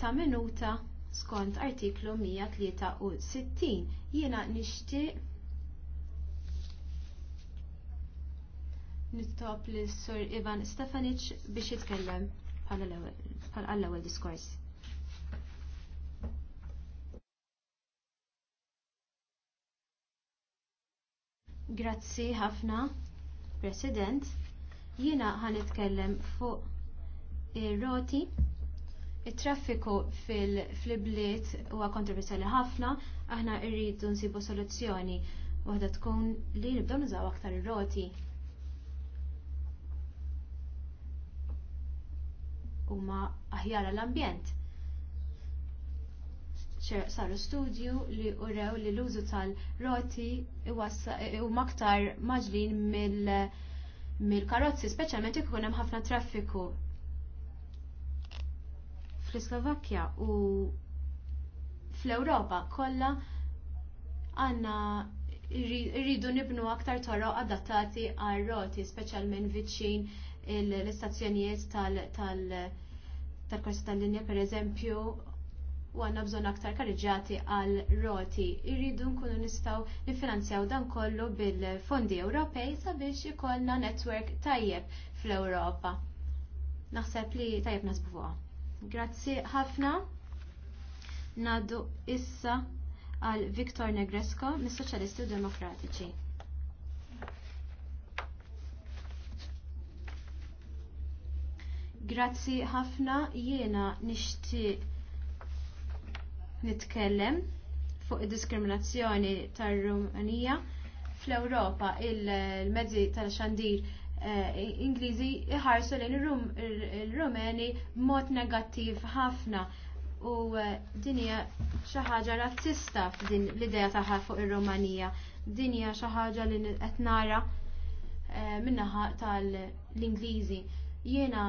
ta' minuta skont artiklu 163 jiena nixtieq nittob li sur Ivan Stefanic biex jitkellem bħala l-ewwel diskors. Grazzi ħafna, President. Jiena ħanitkellem fuq ir-roti Il-traffiku fil-bliet huwa kontroversjali ħafna, aħna rridu nsibu soluzzjoni waħda tkun li nibdew nużaw aktar ir-roti. Huma aħjar l-ambjent. Saru studju li urew li l-użu tal-roti huma aktar maġlin mill-karozzi, speċjalment jekk ikun hemm ħafna traffiku fl-Slovakkja u fl-Ewropa kollha għandna rridu nibnu aktar toroq adattati għal roti, speċjalment viċin l-istazzjonijiet tal-korsi tal-linja pereżempju u għandna bżonn aktar karriġati għal roti. Irridu nkunu nistgħu nifinanzjaw dan kollu bil-fondi Ewropej sabiex ikollna netwerk tajjeb fl-Ewropa. Naħseb li tajjeb nasbuha. Grazzi ħafna. Nadu issa għal Viktor Negresco mis-Soċjalisti Demokratiċi. Grazzi ħafna jiena nixti nitkellem fuq id-diskriminazzjoni tar-Rumanija fl-Ewropa il-mezzi tal-xandir Eh, Ingliżi iħarsu lejn il-Rumeni mod negattiv ħafna u eh, din hija xi ħaġa razzista f'din l-idea tagħha fuq ir-Rumanija. Din hija xi ħaġa li qed nara eh, minnaħa tal-Ingliżi. Jiena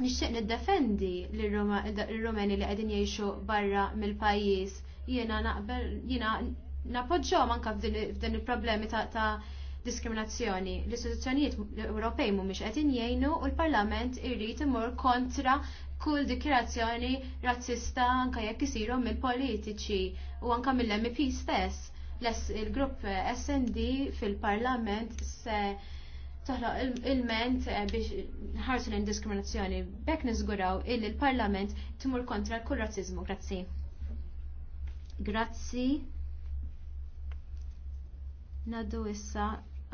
nixtieq niddefendi l-Rumeni li qegħdin jgħixu barra mill-pajjiż. Jiena naqbel jiena napoġġhom anke f'din il-problemi ta' diskriminazzjoni. L-istituzzjonijiet Ewropej mhumiex qed jgħinu u l-Parlament irrid imur kontra kull dikjerazzjoni razzista anke jekk isiru mill-politiċi u anke mill-MP stess. Il-grupp SND fil-Parlament se toħloq il-ment eh, biex ħarsu l-indiskriminazzjoni. Bekk niżguraw il l-Parlament timur kontra kull razzizmu. Grazzi. Grazzi. Naddu issa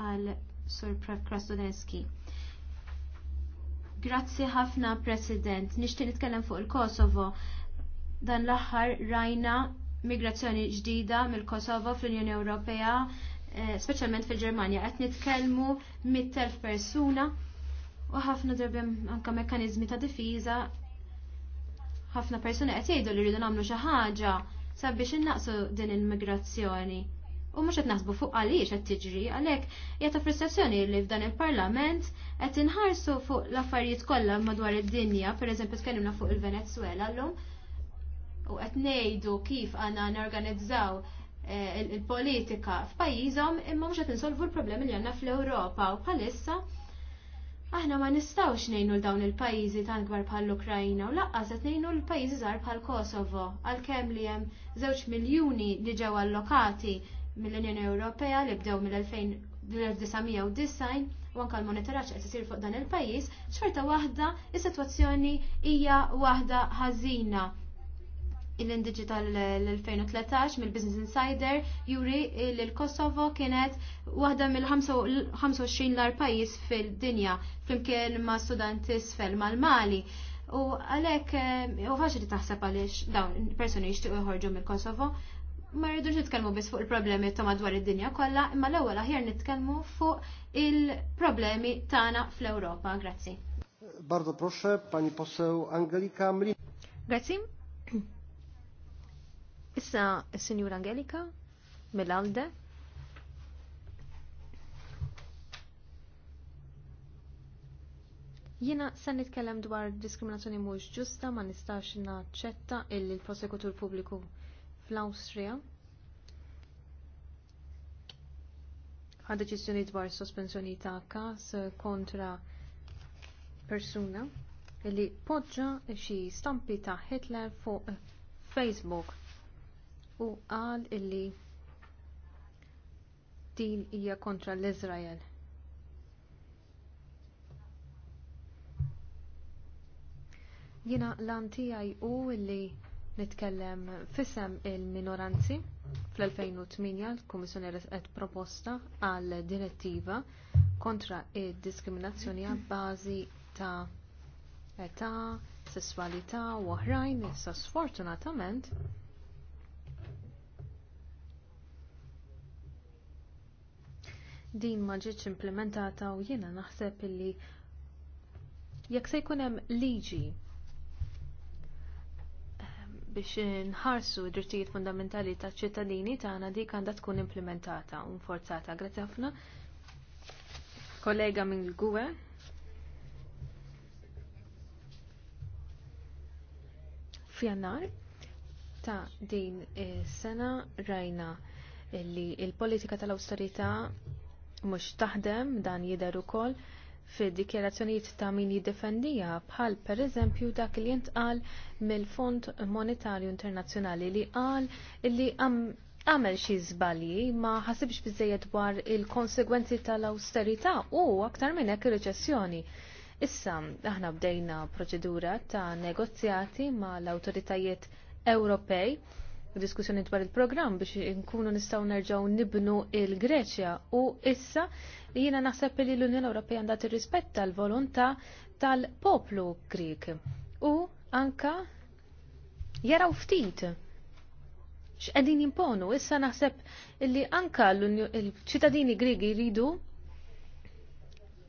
għal Sur Krasnodewski. Grazzi ħafna President. Nixtieq nitkellem fuq il-Kosovo. Dan l-aħħar rajna migrazzjoni ġdida mill-Kosovo fl-Unjoni Ewropea, eh, speċjalment fil-Ġermanja. Qed nitkellmu mit-telf persuna u ħafna drabi anke mekkaniżmi ta' difiza. Ħafna persuni qed jgħidu li rridu nagħmlu xi ħaġa sabiex innaqsu din il-migrazzjoni u mhux qed naħsbu fuq għaliex qed tiġri għalhekk hija ta' frustrazzjoni li f'dan il-Parlament qed inħarsu fuq l-affarijiet kollha madwar id-dinja, pereżempju tkellimna fuq il-Venezuela llum u qed ngħidu kif n norganizzaw eh, il-politika f'pajjiżhom imma mhux qed insolvu l-problemi li għandna fl-Ewropa u bħalissa aħna ma nistawx nejnu l-dawn il-pajizi tan gbar bħal l-Ukrajina u laqqas qed nejnu l-pajizi zar bħal Kosovo għalkemm li hemm żewġ miljuni li ġew allokati mill-Unjoni Ewropea li bdew mill-1990 u anka l-monitoraġġ qed isir fuq dan il-pajjiż, xorta waħda is-sitwazzjoni hija waħda ħażina. Il-indiġi tal-2013 mill-Business Insider juri li l-Kosovo kienet waħda mill-25 lar pajjiż fil-dinja flimkien ma' Sudan tisfel mal-Mali. U għalek, eh, u faċli taħseb għaliex dawn persuni jixtiequ jħorġu mill-Kosovo, ma rridux nitkellmu biss fuq il-problemi ta' madwar id-dinja kollha, imma l-ewwel aħjar nitkellmu fuq il-problemi tagħna fl-Ewropa. Grazzi. Bardzo proszę, pani poseł Angelika Mlin. Grazzi. Issa s-Sinjur Angelika Melalde. alde Jiena se nitkellem dwar diskriminazzjoni mhux ġusta ma nistax naċċetta il prosekutur pubbliku fl-Awstrija ħa deċiżjoni dwar sospensjoni ta' każ kontra persuna li poġġa xi stampi ta' Hitler fuq Facebook u qal illi din hija kontra l-Iżrael. Jiena lan tiegħi illi nitkellem fissem il-minoranzi fl-2008 l kummissjoni qed proposta għal direttiva kontra id-diskriminazzjoni għal bażi ta' età, sessualità u oħrajn issa sfortunatament din ma ġietx implementata u jiena naħseb illi jekk se jkun hemm liġi biex nħarsu d-drittijiet fundamentali taċ ċittadini tagħna dik għandha tkun implementata u nforzata. Grazzi ħafna. Kollega minn l-Gue. Fjannar ta' din sena rajna li l politika tal-austerità mhux taħdem dan jidher ukoll fid-dikjerazzjonijiet ta' min jiddefendija bħal pereżempju dak li jintqal mill-Fond Monetarju Internazzjonali li qal li għamel xi żbalji ma ħasibx biżejjed dwar il-konsegwenzi tal awsterità u aktar minn hekk ir-reċessjoni. Issa aħna bdejna proċedura ta' negozjati mal awtoritajiet Ewropej diskussjoni dwar il-programm biex nkunu nistaw nerġaw nibnu il-Greċja u issa jiena naħseb li l-Unjoni Ewropea għandha tirrispetta l-volontà tal-poplu Grieg u anka jaraw ftit x'qegħdin jimponu issa naħseb li anka l-ċittadini Griegi jridu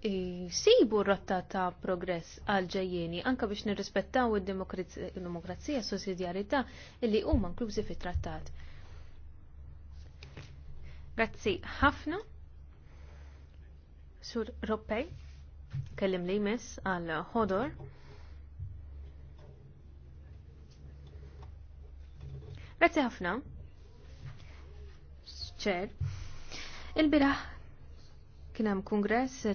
r rotta ta' progress għal ġejjieni anke biex nirrispettaw id-demokrazija sussidjarità li huma inklużi fit-trattat. Grazzi ħafna sur Roppej kellim li jmiss għal ħodor. Grazzi ħafna. ċer. Il-biraħ Kien hemm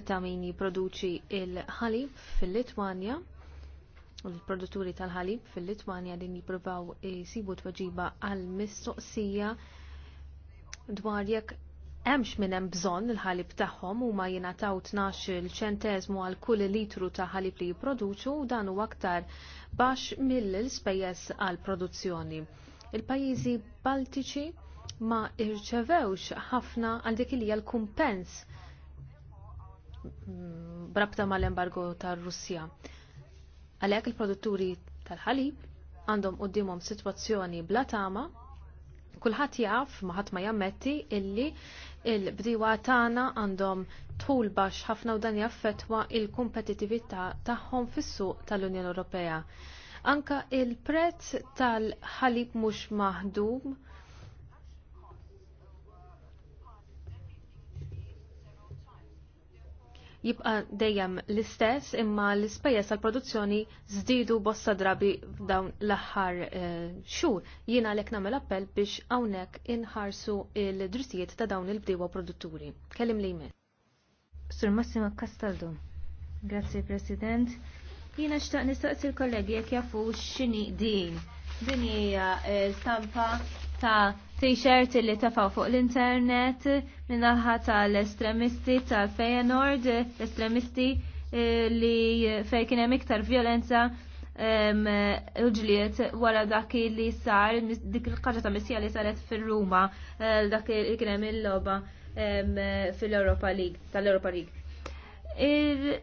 ta' min jipproduċi il-ħalib fil-Litwanja u l-produtturi tal-ħalib fil-Litwanja din jippruvaw t tweġiba għal mistoqsija dwar jekk hemmx minn hemm bżonn il-ħalib tagħhom huma jingħataw il ċenteżmu għal kull litru ta' ħalib li jipproduċu u dan huwa aktar baxx mill-ispejjeż għal produzzjoni. Il-pajjiżi Baltiċi ma irċevewx ħafna għal dik li l-kumpens brabta mal-embargo tar-Russja. Għalhekk il-produtturi tal-ħalib għandhom qudiemhom sitwazzjoni bla tama kulħadd jaf ma ħadd ma jammetti illi il-bdiwa tagħna għandhom tħul bax ħafna u dan jaffetwa il kompetitivita tagħhom fis-suq tal-Unjoni Ewropea. Anka il-prezz tal-ħalib mhux maħdum jibqa dejjem l-istess imma l-ispejjeż tal-produzzjoni żdiedu bosta drabi f'dawn l-aħħar eh, xhur. Jiena għalhekk nagħmel appell biex hawnhekk inħarsu l-drittijiet ta' dawn il-bdiewa produtturi. Kellim li jmien. Sur Massimo Castaldo. Grazzi President. Jiena xtaq nistaqsi l-kollegi jekk jafu x'inhi din. Din hija eh, stampa ta' t-shirt li tafaw fuq l-internet minnaħħa tal-estremisti tal-Feyenoord, estremisti eh, li fej hemm iktar violenza l ġliet wara dak li sar, dik il-ħagġa ta' missija li saret fil-Ruma, eh, dak li hemm il-loba fil-Europa League, tal-Europa League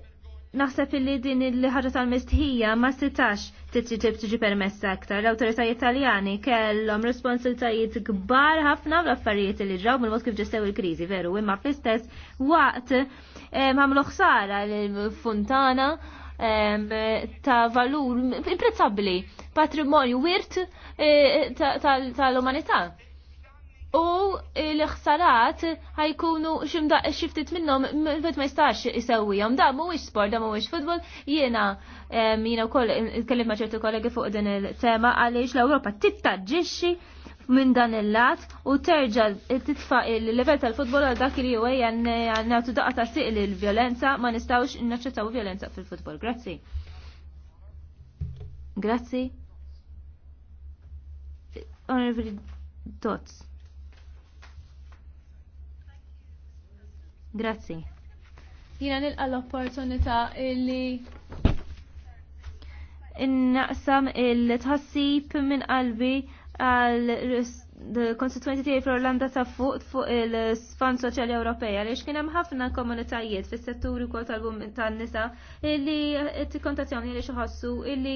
Naħseb illi din il-ħarġa tal-mistħija ma setax titġib tiġi permessa aktar. L-autoritajiet Taljani kellhom responsabilitajiet kbar ħafna fl-affarijiet li ġraw mill-mod kif ġestew il-kriżi, veru, imma fl-istess waqt ħamlu ħsara l-funtana ta' valur imprezzabbli, patrimonju wirt eh, tal-umanità u l-ħsarat ħajkunu ximda xiftit minnom bet ma jistax jisewijom. Da mhuwiex sport, da mhuwiex futbol, jiena jena wkoll nitkellem ma' ċertu kollegi fuq din il-tema għaliex l-Ewropa tittaġġixxi minn dan il-lat u terġa titfa il-level tal-futbol għal dak li huwa għannatu daqqa ta' siq il-violenza ma nistawx naċċettaw violenza fil-futbol. Grazzi. Grazzi. Onorevoli Dots. Grazzi. Jina nilqa l-opportunità illi innaqsam il-tħassib minn qalbi għal konstituenti tiegħi fl-Orlanda ta' fuq fuq il fond Soċjali Ewropej għaliex kien hemm ħafna komunitajiet fis-setturi wkoll tal tan-nisa li tikkontazzjoni li iħossu illi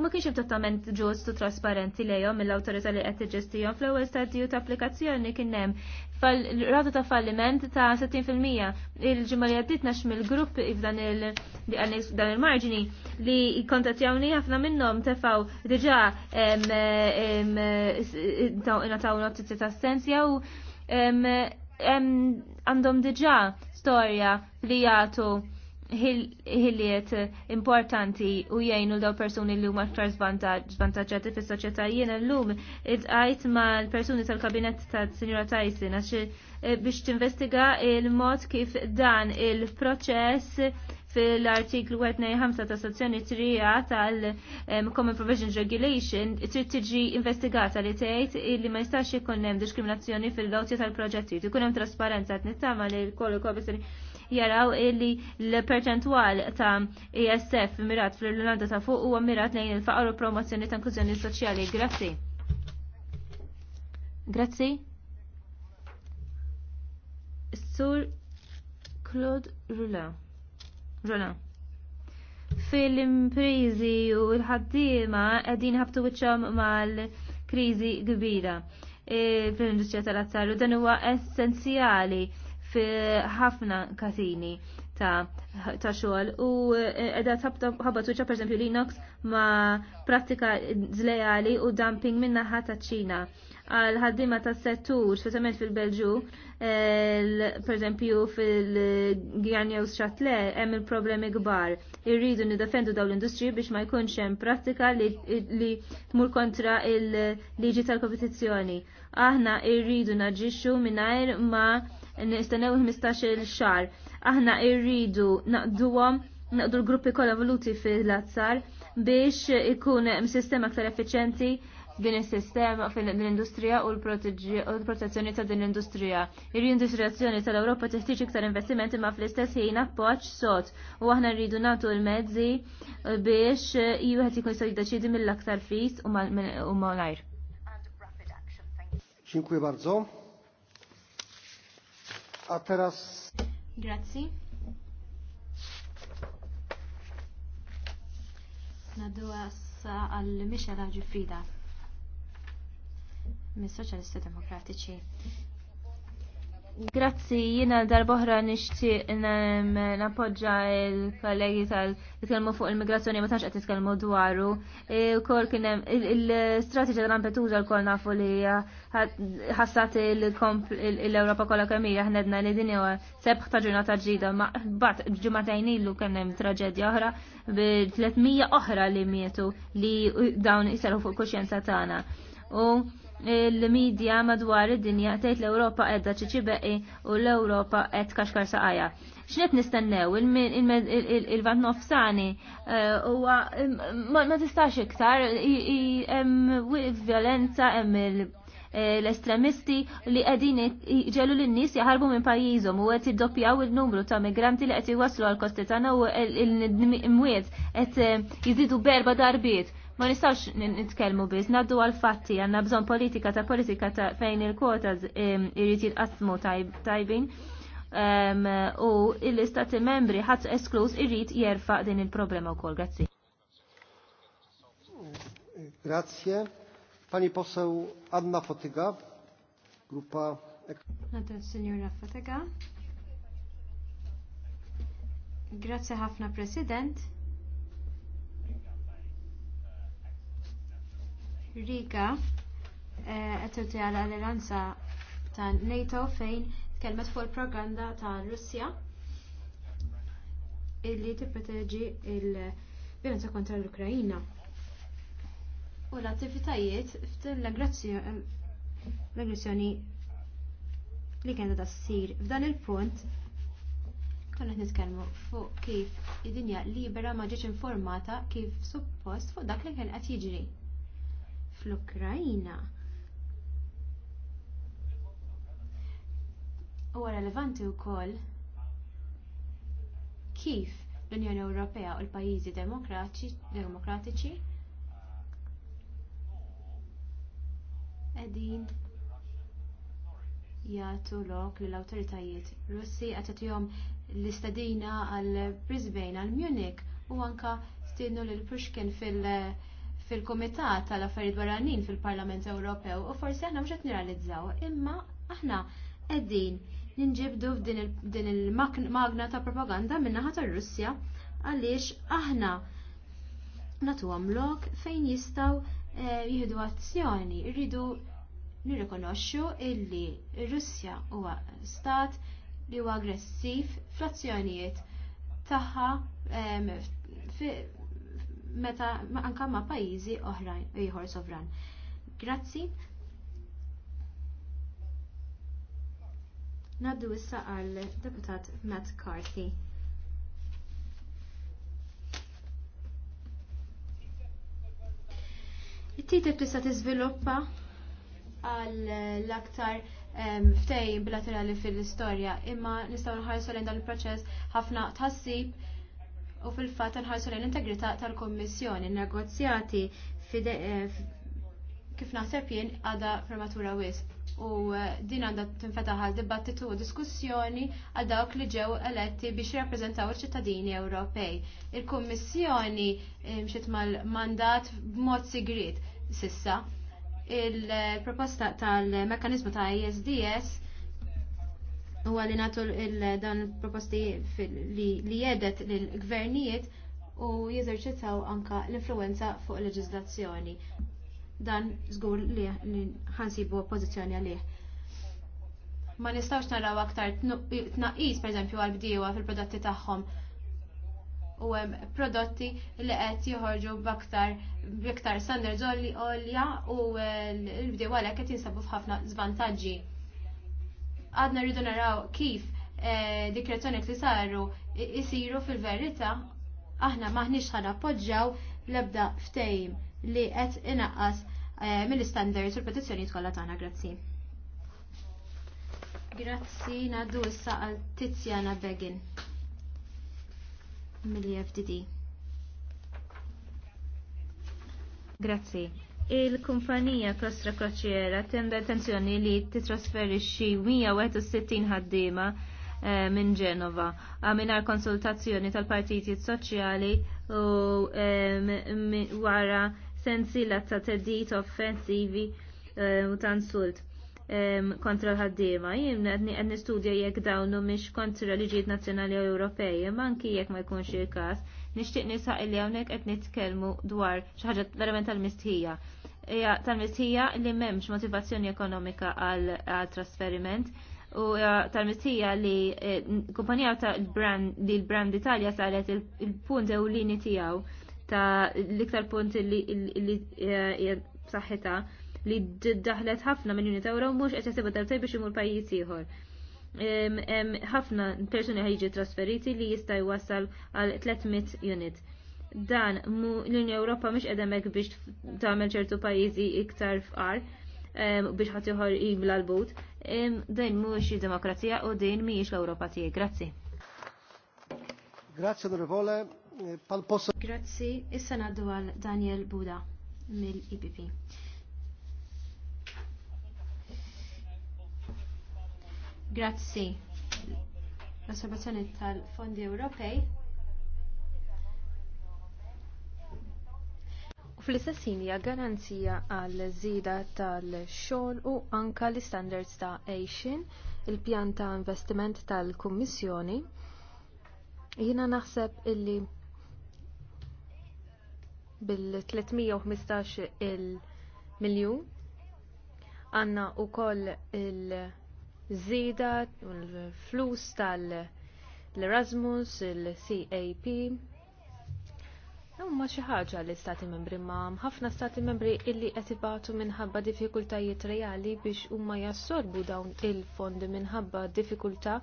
ma kienx hemm trattament ġust u trasparenti lejhom mill-awtorità li qed tiġġestihom fl-ewwel stadju ta' applikazzjoni kien hemm radu ta' falliment ta' 60% il-ġimma li nax mill-grupp f'dan il-marġini li kontazzjoni ħafna minnhom tefaw diġà taw notizzi ta' sens jew għandhom diġà storja li jagħtu ħiliet importanti u jgħinu daw persuni li huma aktar zvantaġġati fis-soċjetà jien illum id-għajt ma' persuni tal kabinett ta' Sinjura Tyson għax eh, biex tinvestiga il-mod kif dan il-proċess fil-artiklu 25 ta' sezzjoni 3 tal-Common Provisions Regulation trid tiġi investigata li tgħid li ma jistax ikun hemm diskriminazzjoni fil-lotja tal-proġetti. Ikun hemm trasparenza qed nittama li l-kollu komissjoni jaraw illi l-perċentwal ta' ESF mirat fl-Irlanda ta' fuq huwa mirat lejn il-faqar u promozzjoni ta' inklużjoni soċjali. Grazzi. Grazzi. Sur Claude Roulin. Rona. Fil-imprizi u l-ħaddima għedin ħabtu wiċċom mal-krizi kbira e, fil-industrija tal-azzar u dan huwa essenzjali fi ħafna kasini ta' ta' xogħol u qiegħda eh, ħabatuċa pereżempju Linux ma' prattika zlejali u dumping min-naħa ta' Ċina għal ħaddima ta' settur, speċjalment fil-Belġu, perempju fil-Gjan jew Xatle, hemm il-problemi kbar. Irridu nidefendu dawn l-industri biex ma jkunx hemm prattika li tmur kontra il-liġi tal-kompetizzjoni. Aħna irridu naġixxu mingħajr ma nistennew 15-il xahar aħna irridu naqduhom naqdu l-gruppi kollha voluti fil-azzar biex ikun sistema aktar effiċenti din is-sistema fil-industrija u l-protezzjoni ta' din l-industrija. Ir-industrijazzjoni tal-Ewropa tiħtiġ iktar investimenti ma' fl-istess ħin appoġġ sot u aħna rridu nagħtu l-mezzi biex jieħed jkun jistgħu jiddeċidi mill-aktar fis u mal-ajr. Dziękuję bardzo. A teraz Grazzi. Nadu għassa għal Michela Ġifrida mis soċalisti Demokratiċi. Grazzi, jina darboħra nishtiq napoġġa il-kollegi tal-itkelmu fuq il-migrazzjoni ma tanx qed titkellmu dwaru. il strategja tal-Lampedusa l-kol nafu li ħassat l-Ewropa kollha kemm ħnedna li din u sebħ ta' ġurnata ma bat ġumatajn illu kien hemm traġedja oħra bi 300 oħra li mietu li dawn iseru fuq kuxjenza tagħna. U l medja madwar id-dinja tgħid l-Ewropa qiegħda beqi u l-Ewropa qed kaxkar saqajja. X'net nistennew il-vant nofsani huwa ma tistax iktar hemm violenza hemm il l-estremisti li qegħdin ġelu lin-nies jaħarbu minn pajjiżhom u qed iddoppjaw il-numru ta' migranti li qed iwaslu għal kosti tagħna u l-imwiet qed jiżidu berba darbiet. Ma nistawx nitkellmu biss, naddu għal-fatti, għanna bżon politika ta' politika ta' fejn il-kwota irrid qasmu tajbin u l-istati membri ħadd esklus irrit jerfa' din il-problema wkoll. Grazzi. Grazie. Pani poseł Anna Fotyga, grupa... Nadal signora Fotyga. Grazie ħafna President. Riga għetirti eh, għal alleranza ta' NATO fejn tkellmet fuq il-propaganda ta' Russja illi tipproteġi il-violenza kontra l-Ukrajina. U l-attivitajiet l-aggressjoni li kienet ta' ssir. F'dan il-punt konna nitkellmu fuq kif id-dinja libera ma ġietx informata kif suppost fuq dak li kien qed jiġri fl-Ukrajina huwa relevanti wkoll kif l-Unjoni Ewropea u l-pajjiżi demokratiċi qegħdin jagħtu lok lill awtoritajiet Russi qed tagħtihom l-istadina għal Brisbane għal Munich u anke stiednu lil Pushkin fil- fil-Kumitat tal-Affarijiet Barranin fil-Parlament Ewropew u forsi aħna mhux qed niralizzaw, imma aħna qegħdin ninġibdu f'din il-magna ta' propaganda min-naħa tar-Russja għaliex aħna nagħtuhom lok fejn jistgħu eh, jieħdu azzjoni, rridu nirrikonoxxu illi r-Russja huwa stat li huwa aggressiv fl-azzjonijiet tagħha meta anka ma' pajjiżi oħrajn ieħor sovran. Grazzi. Naddu issa għal deputat Matt Carthy. It-titib tista' tiżviluppa għal l-aktar ftej bilaterali fil-istorja, imma nistgħu nħarsu lejn dan il-proċess ħafna tħassib u fil-fat nħarsu l-integrità tal-Kommissjoni, negozjati eh, kif naħseb jien għada prematura wisq. U eh, din għandha tinfetaħ għal dibattitu u diskussjoni għal dawk li ġew eletti biex jirrappreżentaw iċ-ċittadini Ewropej. Il-Kummissjoni eh, mxiet mal-mandat b'mod sigrit sissa. Il-proposta tal-mekanizmu ta' ISDS u għalli natu dan proposti li jedet l-gvernijiet u jeżerċitaw anka l-influenza fuq leġizlazzjoni. Dan zgur li ħansibu oppozizjoni għalih. Ma nistawx naraw aktar tnaqis, per eżempju, għal-bdiewa fil-prodotti tagħhom u hemm prodotti li qed joħorġu b'aktar b'iktar standards olja u eh, l-bdew għalhekk qed jinsabu f'ħafna żvantaġġi għadna rridu naraw kif eh, dikrazzjoni li saru jisiru fil-verità aħna maħniex ħana podġaw l-ebda ftejm li qed inaqqas eh, mill-standards u l-petizzjoni tkollha tagħna grazzi. Grazzi naddu issa għal Tizjana Begin mill-FDD. Grazzi. Il-kumpanija Kostra Kroċiera tenda attenzjoni li titrasferixxi 161 ħaddiema eh, minn Ġenova għaminar konsultazzjoni tal-partiti soċjali u wara sensila ta' teddit offensivi eh, u tansult kontra l-ħaddiema. Jien qed nistudja jekk dawnu miex kontra liġijiet nazzjonali u Ewropej, manki jekk ma jkunx il-każ Nixtieq nisa illi hawnhekk qed nitkellmu dwar xi ħaġa verament tal-mistħija. Hija tal-mistħija li m'hemmx motivazzjoni ekonomika għal trasferiment u tal-mistħija li eh, kumpanija ta' brand li l-brand Italja saret il-punt l-lini tiegħu ta' l-iktar punt li saħħitha li eh, daħlet ħafna minn Unita Ewro mhux qed jaħsibha darbtej biex imur pajjiż ieħor ħafna persuni ħajġi trasferiti li jista' jwassal għal 300 unit. Dan l-Unja Ewropa mhux qiegħda hekk biex tagħmel ċertu pajjiżi iktar fqar biex ħadd joħor jibla l-but. Din mhux demokrazija u din mhijiex l-Ewropa tiegħi. Grazzi. Grazzi onorevole. Pal Grazzi, issa ngħaddu għal Daniel Buda mill-IPP. Grazzi. L-osservazzjoni tal-Fondi Ewropej. U fl-istessin hija garanzija għal żida tal-xogħol u anka l-istandards ta' Asian, il-pjan ta' investiment tal-Kummissjoni. Jiena naħseb illi bil-315 il-miljun għanna u koll il- żieda l-flus tal-Erasmus, il-CAP. Huma xi ħaġa li stati membri ma' ħafna stati membri illi qed minħabba diffikultajiet reali biex huma jassorbu dawn il-fondi minħabba diffikultà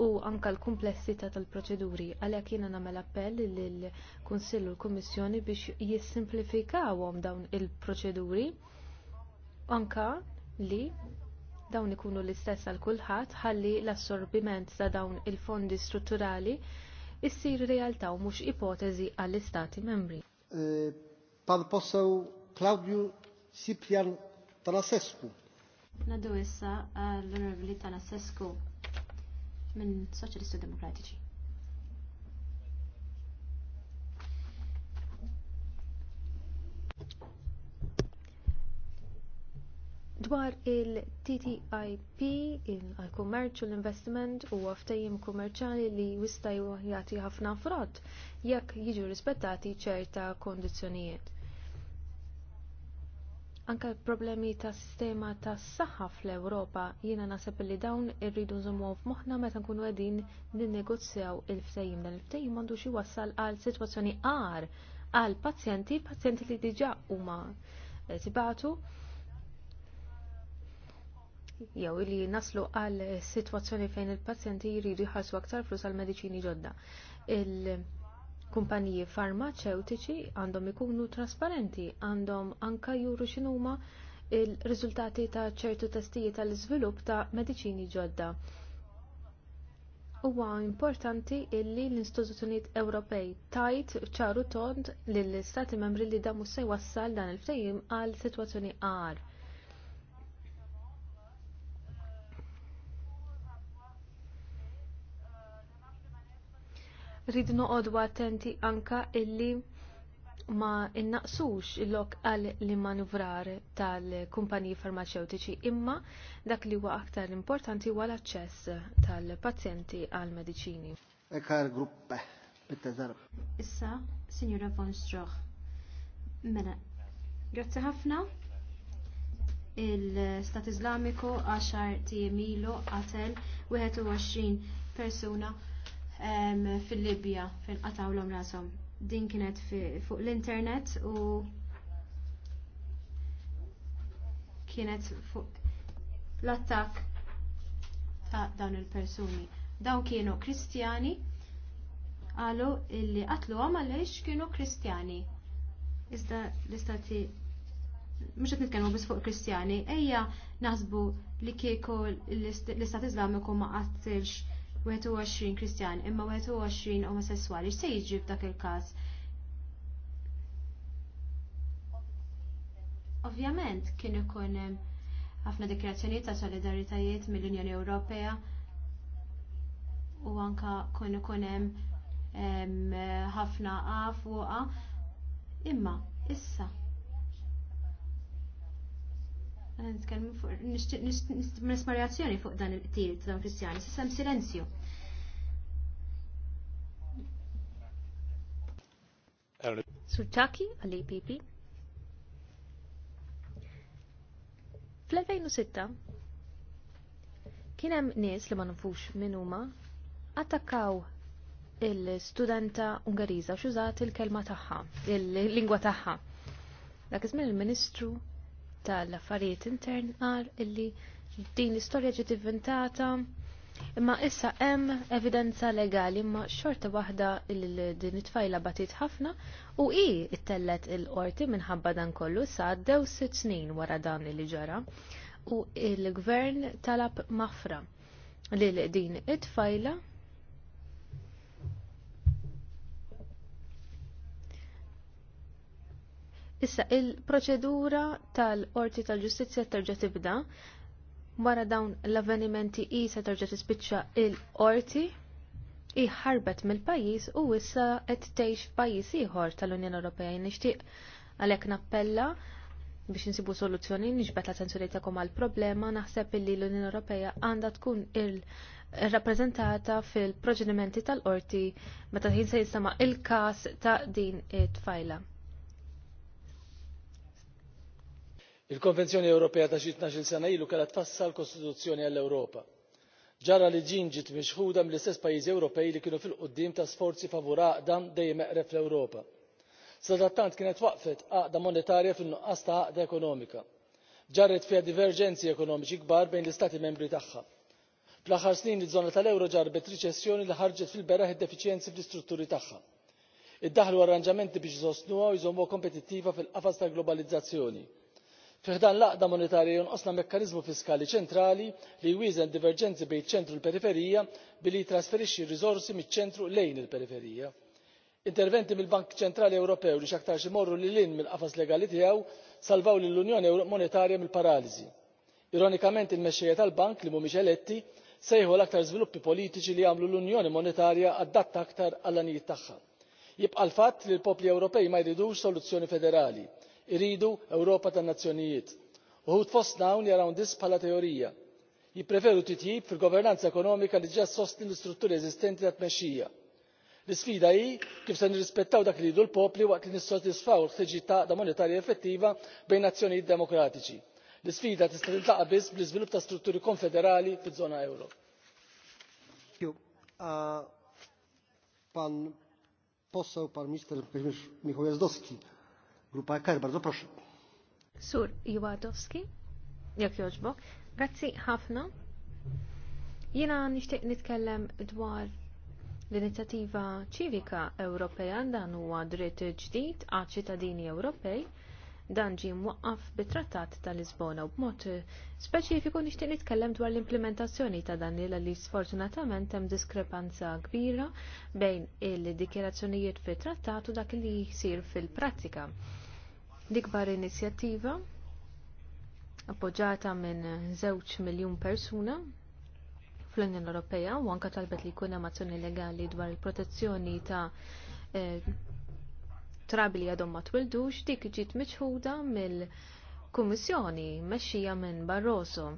u anka l-komplessità tal-proċeduri għalhekk jiena nagħmel appell lill-Kunsill u l-Kummissjoni biex jissimplifikawhom dawn il-proċeduri anka li dawn ikunu l-istess għal kulħadd ħalli l-assorbiment ta' dawn il-fondi strutturali issir realtà u mhux ipotezi għall-istati membri. E, pan possew Claudio Ciprian Talasescu. Nadu issa l onorabili Talasescu minn Soċjalistu Demokratiċi. Dwar il-TTIP, il-kummerċ u l-investiment u għaftajim kummerċali li jista' jagħti ħafna frott jekk jiġu rispettati ċerta Anke Anka problemi ta' sistema ta' saħħa fl-Ewropa jiena naħseb li dawn irridu nżommu f'moħħna meta nkunu qegħdin ninnegozzjaw il-ftehim dan il-ftehim m'għandux iwassal għal sitwazzjoni għar għal pazjenti, pazjenti li diġà huma tibatu jew li naslu għal sitwazzjoni fejn il-pazjenti jridu jħassu aktar flus għal mediċini ġodda. Il-kumpaniji farmaceutiċi għandhom ikunu trasparenti, għandhom anka juru x'inhuma il-riżultati ta' ċertu testijiet tal-iżvilupp ta' mediċini ġodda. Huwa importanti illi l-istituzzjonijiet Ewropej tajt ċaru tont lill istati membri li damu se wassal dan il-ftehim għal sitwazzjoni għar Rrid noqodwa attenti anka illi ma innaqsux il-lok għal li manuvrar tal-kumpaniji farmaceutiċi imma dak li huwa aktar importanti huwa l-aċċess tal-pazjenti għal mediċini. Ekar gruppe, Issa, Signora Von Stroh, mela, grazzi ħafna il-Stat Islamiku 10 tiemilu għatel 21 persuna fil-Libja fejn qatawlhom rashom. Din kienet fuq l-internet u kienet fuq l-attak ta' dawn il-persuni. Dawn kienu kristjani għalu illi qatlu għaliex kienu kristjani. Iżda l-istati mux qed nitkellmu biss fuq kristjani, ejja naħsbu li kieku l-istat iżlamiku ma qattilx 21 Kristjan imma 21 omosessuali x'se jiġri f'dak il-każ? Ovvjament kien ikun ħafna dikjarazzjonijiet ta' solidaritajiet mill-Unjoni Ewropea u anka kien ikun hemm ħafna għafuqa imma issa nitkellmu fuq nisma' fuq dan il-qtil ta' dawn Kristjani, s'issa silenzju. Surtaki għall-APP. E Fl-2006 kien hemm nies li ma nafux min huma attakkaw il-studenta Ungariża u xużat il-kelma tagħha, il-lingwa tagħha. Dak iż-żmien il-Ministru tal-affarijiet intern qal illi din l-istorja ġiet inventata imma issa hemm evidenza legali imma xorta waħda din it-tfajla batit ħafna u hi tellet il-qorti minħabba dan kollu sa għaddew sitt snin wara dan li ġara u il-gvern talab mafra li din it-tfajla Issa, il-proċedura tal-Qorti tal-Ġustizzja terġa' tibda wara dawn l-avvenimenti se terġa' tispiċċa il-Qorti ħarbet mill-pajjiż u issa qed tgħix f'pajjiż ieħor tal-Unjoni Ewropea nixtieq għalhekk nappella biex insibu soluzzjoni nixbet l-attenzjoni tagħkom għall problema naħseb illi l-Unjoni Ewropea għandha tkun il- rappreżentata fil-proċedimenti tal-qorti meta ħin se jinsema' il-każ ta' din it-tfajla. il konvenzjoni ewropea ta' xi tnax il sena ilu kellha tfassal kostituzzjoni għall ewropa ġara li ġien ġiet mixħuda mill-istess pajjiżi ewropej li kienu fil quddiem ta' sforzi favur għaqda dejjem eqreb fl ewropa sadattant kienet waqfet għaqda monetarja fin nuqqas ta' għaqda ekonomika ġarret fiha diverġenzi ekonomiċi kbar bejn l-istati membri tagħha fl aħħar snin iż-żona tal ewro ġarbet riċessjoni li ħarġet fil beraħ id-defiċjenzi fl-istrutturi tagħha iddaħħlu arranġamenti biex isostnuha u jżommuha kompetittiva fil qafas tal-globalizzazzjoni. Fiħdan ħdan l aqda monetarja jonqosna mekkaniżmu fiskali ċentrali li jwieżen diverġenzi bejn iċ-ċentru u l-periferija billi jitrasferixxi r-riżorsi miċ-ċentru lejn il-periferija. Interventi mill-Bank Ċentrali Ewropew li x'aktarx imorru lil hinn mill-qafas legali tiegħu salvaw lill-Unjoni Monetarja mill paraliżi Ironikament il-mexxejja tal-bank li mhumiex eletti sejħu l-aktar żviluppi politiċi li jagħmlu l-Unjoni Monetarja adatta aktar għall anijiet tagħha. Jibqa' l-fatt li l-popli Ewropej ma jridux soluzzjoni federali iridu ewropa tan nazzjonijiet. uħud fostna hawn jaraw dis bħala teorija jippreferu titjib fil governanza ekonomika li ġa sostni l-istrutturi eżistenti ta' tmexxija. l isfida hi kif se nirrispettaw dak li jridu l popli waqt li nissodisfaw l ħtiġijiet ta' monetarja effettiva bejn nazzjonijiet demokratiċi. l isfida tista' tintlaqa biss bl-iżvilupp ta' strutturi konfederali fiż-żona euro. Uh, pan poseł pan minister michał jazdowski Grupa Ekar, bardzo proszę. Sur Iwadowski, jak joġbok. Grazzi ħafna. Jena nishtiq nitkellem dwar l-inizjattiva ċivika Ewropea dan huwa dritt ġdid għal ċittadini Ewropej dan ġie mwaqqaf bit-trattat ta' Lisbona u b'mod speċifiku nixtieq nitkellem dwar l-implementazzjoni ta' dan li li sfortunatament hemm diskrepanza kbira bejn il-dikjerazzjonijiet fit-trattat u dak li jsir fil-prattika. Dikbar inizjattiva appoġġata minn żewġ miljun persuna fl-Unjoni Ewropea u anke talbet li jkun hemm azzjoni legali dwar il-protezzjoni ta' eh, trabi li għadhom ma twildux dik ġiet miċħuda mill-Kummissjoni mexxija minn Barroso.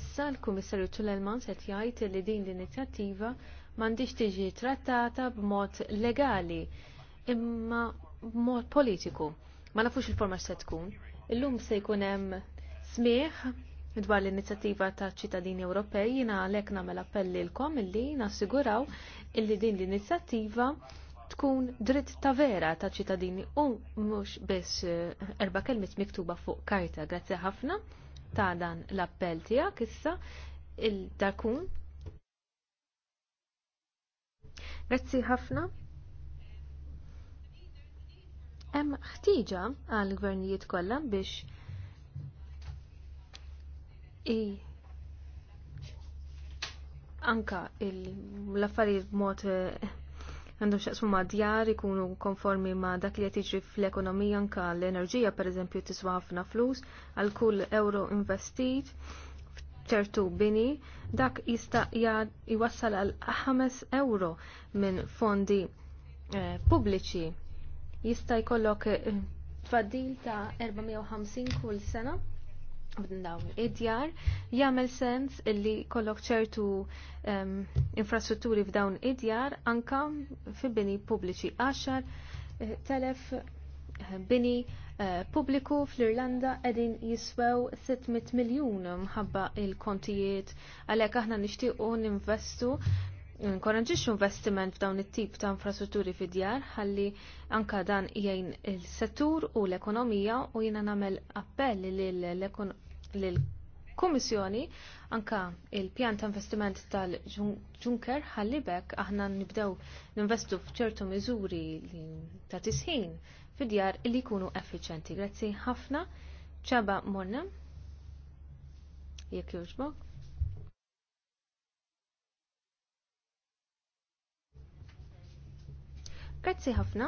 Issa l-Kummissarju Tulelman se jgħid li din l-inizjattiva m'għandix tiġi trattata b'mod legali imma mod politiku. Ma nafux il-forma se tkun. Illum se jkun hemm smieħ dwar l-inizjattiva ta' ċittadini Ewropej jiena għalhekk nagħmel appell ilkom illi nassiguraw illi din l-inizjattiva tkun dritt ta' vera ta' ċittadini u mhux biss eh, erba' kelmiet miktuba fuq karta. Grazzi ħafna ta' dan l-appell tiegħek issa il-dakun. Grazzi ħafna. Hemm ħtieġa għall gvernijiet kollha biex i anka l-affarijiet b'mod eh, għandhom xaqsmu ma' djar ikunu konformi ma' dak li qed jiġri fl-ekonomija anka l-enerġija pereżempju tiswa ħafna flus għal kull euro investit ċertu bini dak jista' jwassal għal 5 euro minn fondi eh, pubbliċi jista' jkollok eh, tfaddil ta' 450 kull sena dawn id-djar jagħmel sens illi jkollok ċertu um, infrastrutturi f'dawn id-djar anka fi bini pubbliċi 10 eh, telef eh, bini uh, pubbliku fl-Irlanda qegħdin jiswew 600 miljun mħabba il-kontijiet għalhekk aħna nixtiequ ninvestu nkoraġġix investiment f'dawn it-tip ta' infrastrutturi fid-djar ħalli anka dan jgħin il-settur u l-ekonomija u jiena nagħmel appell lill-Kummissjoni anka il-pjan ta' investiment tal junker ħalli bekk aħna nibdew ninvestu f'ċertu miżuri ta' tisħin fid-djar li jkunu effiċenti. Grazzi ħafna ċaba morna jekk jogħġbok. Grazzi ħafna.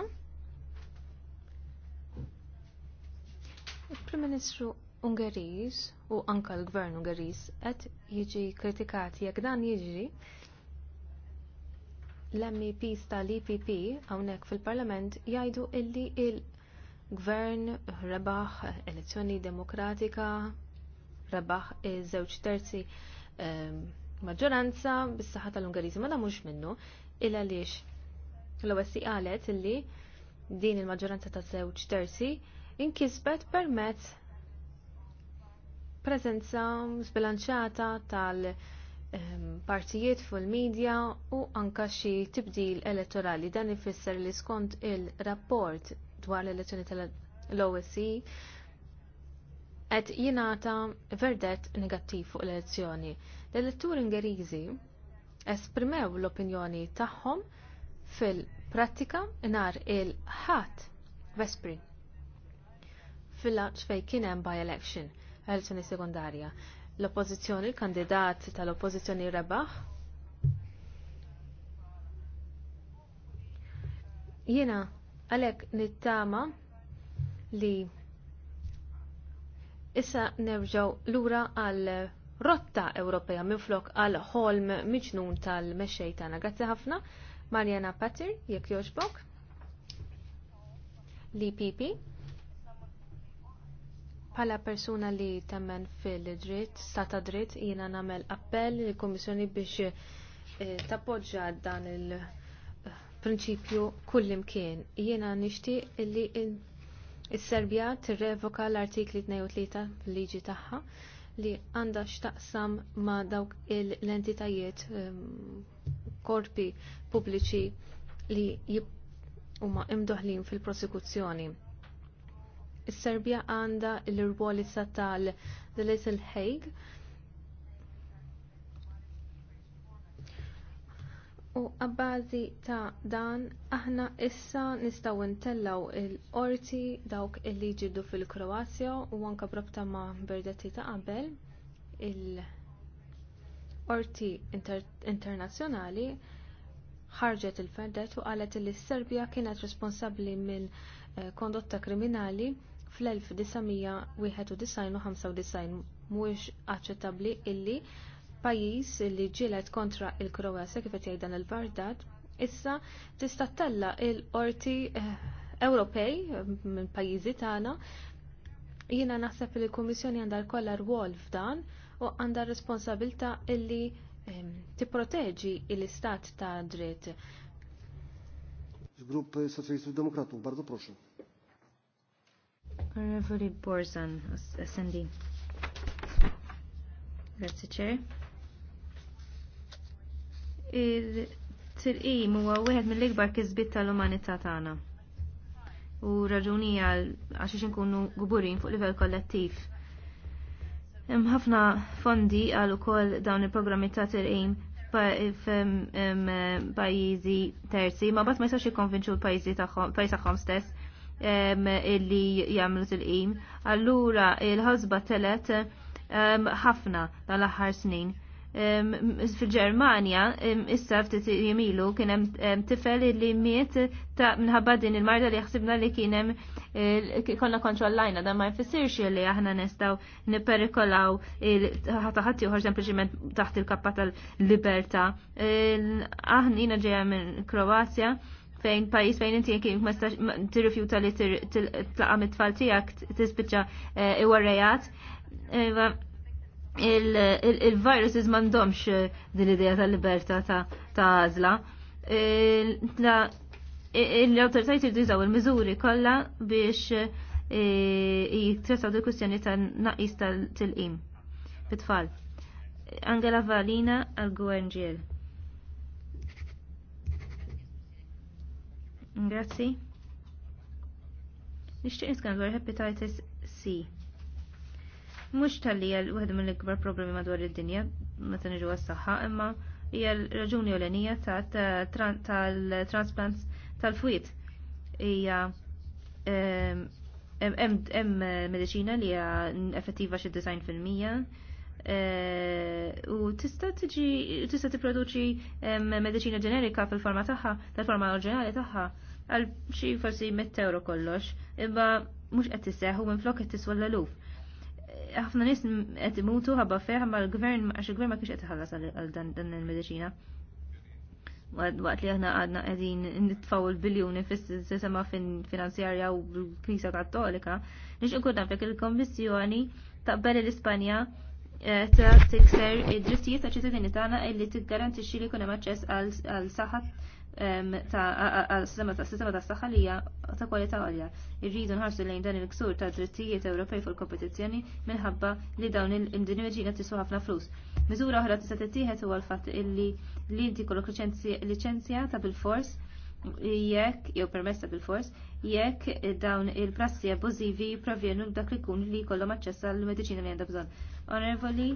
Il-Prim Ministru Ungeriż u anka l-Gvern Ungeriż qed jiġi kritikat jekk dan jiġri l-MEPs tal-EPP hawnhekk fil-Parlament jgħidu illi il-Gvern rebaħ elezzjoni demokratika, rebaħ iż-żewġ terzi ehm, maġġoranza bis-saħħa tal-Ungeriżi ma mhux minnu il għaliex L-OSI qalet illi din il-maġġoranza ta' żewġ terzi inkisbet permezz preżenza sbilanċata tal-partijiet ehm, fuq il-medja u anka xi tibdil elettorali. Dan ifisser li skont il-rapport dwar l-elezzjoni tal-OSI qed jingħata verdett negattiv fuq l-elezzjoni. L-elettur Ingeriżi esprimew l-opinjoni tagħhom Fil-prattika nhar il-ħadd Vespri fil-laċ fej kien hemm by-election elezzjoni sekundarja. L-oppożizzjoni, l kandidat tal-oppożizzjoni rebaħ Jiena għalhekk nittama li issa nerġgħu lura għal rotta Ewropea minflok għal ħolm miġnun tal-mexxej tagħna. Grazzi ħafna. Marjana Patir, jekk joġbok. Li Pipi. Pala persuna li temmen fil-dritt, Stata dritt, jina namel appell li komissjoni biex eh, tappoġġa dan il-prinċipju eh, kullimkien. Jina nishti li il-Serbja tirrevoka l-artikli 23 liġi tagħha li għandha x'taqsam ma' dawk l-entitajiet ehm, korpi pubbliċi li huma imdoħlin fil-prosekuzzjoni. Is-Serbja għandha l-irwol issa tal The Little Hague U għabbażi ta' dan, aħna issa nistgħu ntellaw il-qorti dawk il-liġidu fil-Kroazja u anke probta ma' berdetti ta' qabel il- Qorti internazzjonali ħarġet il-verdet u qalet li s-Serbja kienet responsabbli minn eh, kondotta kriminali fl-1991 mhuwiex aċċettabbli illi pajjiż li ġielet kontra l kroazja kif qed jgħid dan il-verdat issa tista' tella l qorti eh, Ewropej eh, minn pajjiżi tagħna jiena naħseb li l-Kummissjoni għandha jkollha rwol f'dan u għanda responsabilta illi ehm, tipproteġi l-istat ta' dritt. Grupp Socjalistów Demokratów, bardzo proxu. Onorevoli Borzan, SND. Grazie, Chair. Il-tilqim huwa wieħed mill-ikbar kisbit tal-umanità tagħna. U raġuni għal għax inkunu guburin fuq livell kollettiv Hemm ħafna fondi għal ukoll dawn il-programmi ta' tilqim f'pajjiżi terzi, ma bad ma jistax jikkonvinċu l-pajjiżi tagħhom stess illi jagħmlu tilqim. Allura il-ħosba telet ħafna tal-aħħar snin fil ġermania issa ftit jemilu kien hemm tifel li miet ta' minħabba din il-marda li jaħsibna li kien hemm konna kontrollajna dan ma jfissirx li aħna nistgħu nipperikolaw ħata ħadd ieħor sempliċiment taħt il-kappa tal-libertà. Aħna jiena ġejja minn Kroazja fejn pajis fejn inti kien tirrifjuta li tlaqa mit-tfal tiegħek tispiċċa eh, iwarrejat. Iva, il-virus il, mandomx eh, din l-ideja tal-libertà ta' azla. L-autoritajt irdiżaw il-mizuri kollha biex eh, jittressaw il kustjoni ta' naqis tal-tilqim fit-tfal. Angela Valina għal-Gwen Ġiel. Grazzi. Nixtieq nitkellem dwar hepatitis C mhux tal-li hija waħed mill-ikbar problemi madwar id-dinja meta niġu għas-saħħa, imma hija l-raġuni l-enija tal-transplants tal-fwiet. Hija hemm medicina li hija effettiva xi design fil-mija eh, u tista' tiġi tista' tipproduċi medicina ġenerika fil-forma tagħha, tal-forma oriġinali tagħha għal xi forsi 100 euro kollox, imma mhux qed tisseħ u minflok qed tiswa l-aluf ħafna nies qed imutu ħabba feħ ma l-gvern għax il-gvern ma kienx qed iħallas għal dan il-mediċina. Waqt li aħna għadna qegħdin nitfgħu l-biljuni fis-sistema finanzjarja u l-Knisja Kattolika, nix ikun naf il-Kommissjoni taqbel l-Ispanja eh, ta' tikser id-drittijiet ta' ċittadini tagħna illi tiggarantixxi li jkun hemm aċċess għal saħħa ta' sistema ta' saħħalija ta' kwalità għalja. Irridu nħarsu lejn dan il-ksur ta' drittijiet Ewropej fuq il kompetizzjoni minħabba li dawn il-individwi tisu ħafna flus. Miżura oħra tista' tittieħed huwa l-fatt illi li inti kollok liċenzja ta' bil-fors jekk jew permessa bil-fors jekk dawn il-prassi abbużivi provjenu dak li jkun li jkollhom aċċess għall mediċina li għandha bżonn. Onorevoli,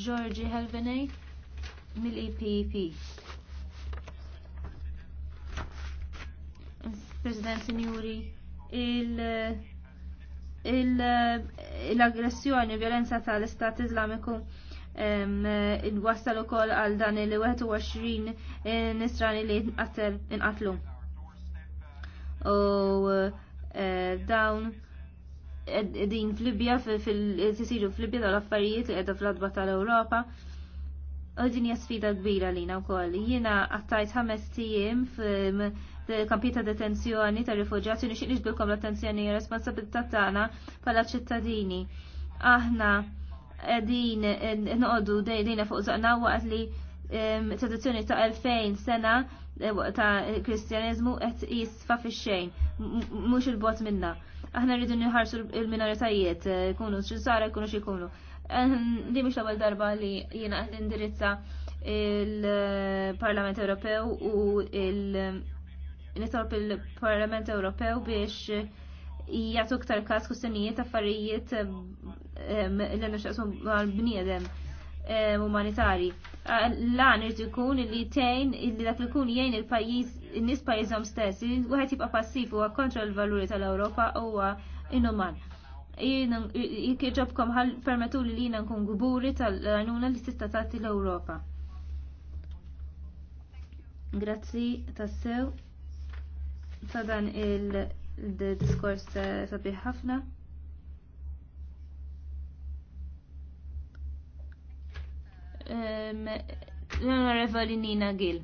Giorgi Helvenej mill-EPP. President Sinjuri, l-aggressjoni, violenza tal-Istat Islamiku wassal ukoll għal dan il-21 nisrani li inqatlu. U eh, dawn eh, din fl-Libja, fil-sisiru fl-Libja tal-affarijiet li għedha fl-adba tal-Europa. U din hija sfida kbira lina wkoll. Jiena għattajt ħames tiem kampi ta' detenzjoni ta' rifugjati nixtieq nixbilkom l-attenzjoni responsabilità tagħna bħala ċittadini. Aħna qegħdin noqogħdu dejna fuq żaqna waqt li tradizzjoni ta' 2000 sena eh, ta' kristjanizmu qed jisfa fix-xejn, mhux il-bot minna. Aħna rridu nħarsu l-minoritajiet, eh, kunu x'insara, kunu x'ikunu. Ehm, li mhux l-ewwel darba li jiena qed indirizza il-Parlament eh, Ewropew u il- nitolb il-Parlament Ewropew biex jgħatu ktar kas kustenijiet affarijiet l nxaqsu għal bniedem umanitari. Lan irrid ikun li tejn li dak li kun jgħin il-pajjiż in-nies pajjiżhom stess, wieħed jibqa' passiv huwa kontra l-valuri tal-Ewropa huwa inuman. Jkieġobkom ħal permetu li jina nkun guburi tal-għanuna li tista' tagħti l-Ewropa. Grazzi tassew ta' il-diskors eh, sabiħ ħafna. l-onorevoli Nina Gill.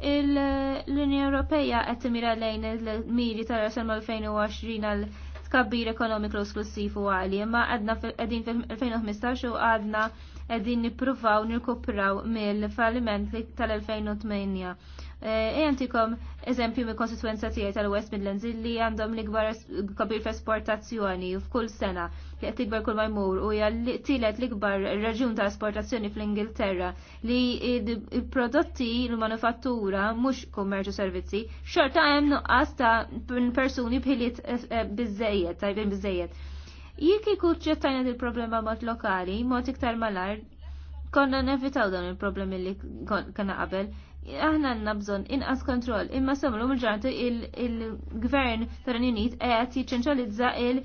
L-Unjoni Ewropeja qed mira lejn il-miri tal 2020 għal tkabbir ekonomiku esklusiv u għali, ma għadna qegħdin fil-2015 u għadna qegħdin nippruvaw nirkupraw mill-falliment tal-2008 Eh, Ejentikom eżempju mi konsekwenza tiegħi tal-West Midlands illi għandhom l-ikbar kabir f'esportazzjoni f'kull sena li qed tikber kull ma jmur u hija tielet l-ikbar raġun ta' esportazzjoni fl-Ingilterra li il-prodotti l-manufattura mhux kummerċu servizzi xorta hemm nuqqas ta' persuni bħiliet eh, ta' jibin bizzejiet. Jekk ikun ċettajna il-problema mod lokali, mod iktar malar, konna nevitaw dawn il-problemi li konna qabel aħna għanna bżon inqas kontroll imma samlu mġartu il-gvern tal-Unit qed jiċċentralizza il-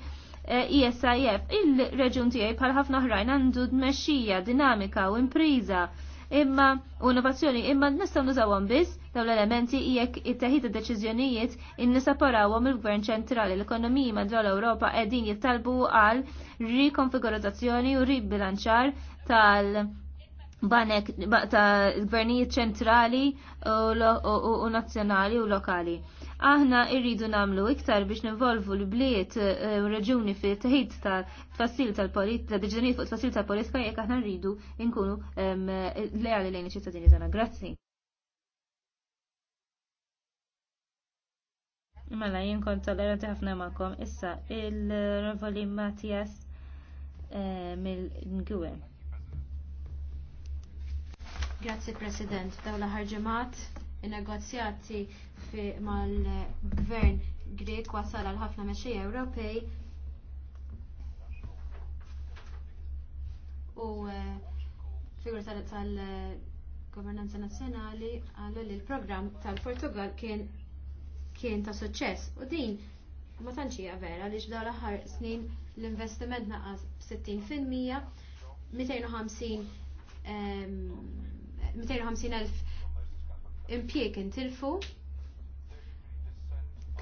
ESIF, eh, e il-reġun tiegħi bħal ħafna oħrajn għandu dmexxija, dinamika u impriża imma u innovazzjoni imma nistgħu nużawhom biss dawn l-elementi jekk it-teħid id-deċiżjonijiet innisaparawhom il-Gvern ċentrali l-ekonomiji madwar Ewropa qegħdin jittalbu għal rikonfigurazzazzjoni u ribilanċar tal- banek ta' gvernijiet ċentrali u nazzjonali u lokali. Aħna irridu namlu iktar biex nivolvu l-bliet u eh, reġuni fi teħid ta' tfassil tal-politika, deċiżjonijiet fuq tfassil tal-politika jekk aħna rridu nkunu leali lejn iċ-ċittadini tagħna. Grazzi. Mela jien kont tolerati ħafna magħkom issa il-Revoli Mattias eh, mill-Gwen. Grazzi President, daw l-aħħar ġimgħat in-negozjati mal-gvern Grek wasal għal ħafna mexxejja Ewropej u eh, figur tal-governanza nazzjonali għallu li l-programm tal-Portugal kien kien ta' suċċess u din ma tantx hija vera għaliex dawn l-aħħar snin l-investiment naqas b'60 250 250.000 impjieg intilfu,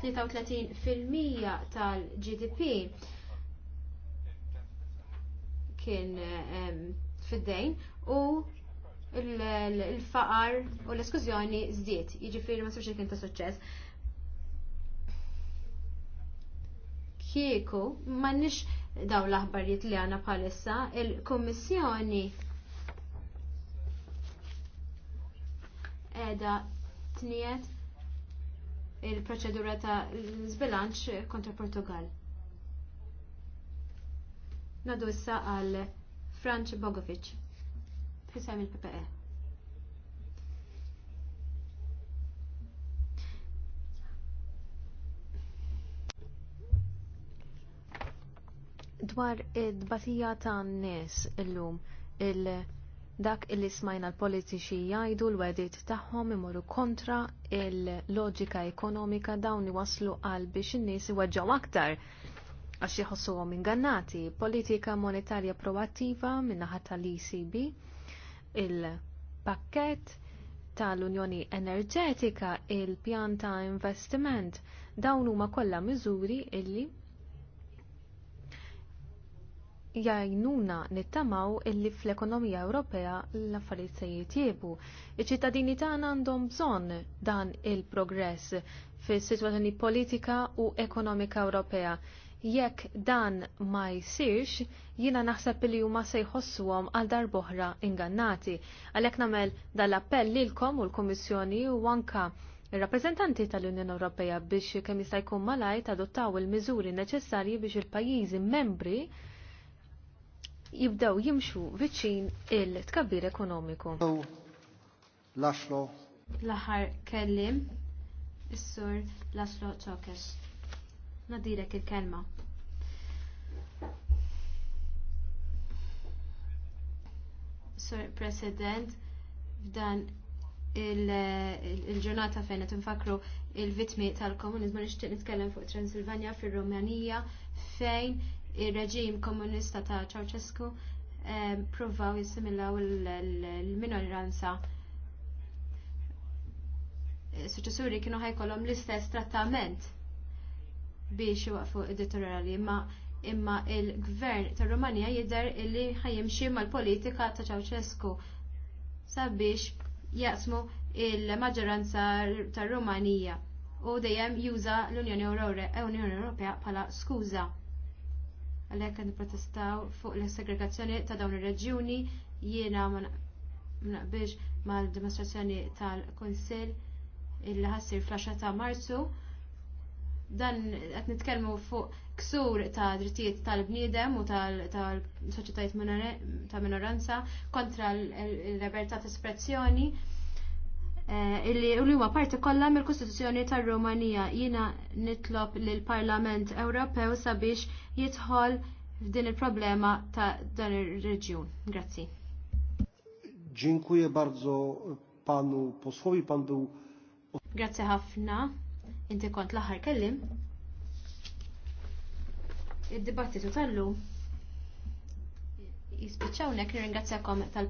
33% tal-GDP kien ehm, fid-dejn u l-faqar u l-eskużjoni zdiet, jiġifieri ma sibx kien ta' suċċess. Kieku, m'għandniex dawn l-aħbarijiet li għandna bħalissa, il kummissjoni edha tniet il-proċedura ta' l-sbilanċ kontra Portugal. Nadu issa għal Franċ Bogovic, fisem il-PPE. Dwar id-batija ta' n-nies illum il- dak illi smajna l-politiċi jgħidu l-wedit tagħhom imorru kontra il-loġika ekonomika dawn waslu għal biex in-nies iweġġgħu aktar għax jħossuhom ingannati. Politika monetarja proattiva min-naħa tal-ECB, il-pakket tal-Unjoni Enerġetika, il-pjan ta' investiment, dawn huma kollha miżuri illi jajnuna nittamaw illi fl-ekonomija Ewropea l-affarijiet se jitjiebu. Iċ-ċittadini tagħna għandhom bżonn dan il-progress fis-sitwazzjoni politika u ekonomika Ewropea. Jekk dan ma jsirx, jiena naħseb li huma se jħossuhom għal darboħra ingannati. Għalhekk nagħmel dal-appell lilkom u l-Kummissjoni u anka Ir-rappreżentanti tal-Unjoni Ewropea biex kemm jista' jkun malajt adottaw il-miżuri neċessarji biex il-pajjiżi membri jibdew jimxu viċin il-tkabbir ekonomiku. Laslo. L-aħħar kellim is-sur Laslo Tokes. Nadirek il-kelma. Sur President, f'dan il-ġurnata il fejn qed infakru il-vitmi tal komunizmu nixtieq nitkellem fuq Transilvania fir-Rumanija fejn ir-reġim komunista ta' Ceausescu eh, provaw jisimilaw l-minoranza eh, suċessuri kienu ħajkolhom l-istess trattament biex iwaqfu id-dittorali imma imma il-gvern tar rumanija jidher illi ħajimxi mal-politika ta' Ceausescu sabiex jaqsmu l maġġoranza tar rumanija u dejjem juża l-Unjoni Ewropea bħala skuża għalek qed nipprotestaw fuq l-segregazzjoni ta' dawn ir-reġjuni jiena ma naqbilx mal-dimostrazzjoni tal-Kunsill il ħassir fl-10 ta' Marzu dan qed nitkellmu fuq ksur ta' drittijiet tal-bniedem u tal-soċjetajiet ta' minoranza kontra l-libertà ta' espressjoni Eh, illi u li huwa parti kollha mill-Kostituzzjoni tar-Rumanija jiena nitlob lil Parlament Ewropew sabiex jidħol f'din il-problema ta' dan ir-reġjun. Grazzi. Dziękuję bardzo panu posłowi, pan był... Grazie ħafna, inti kont l-aħħar kellim. Id-dibattitu tal-lum jispiċċawnek nirringrazzjakom tal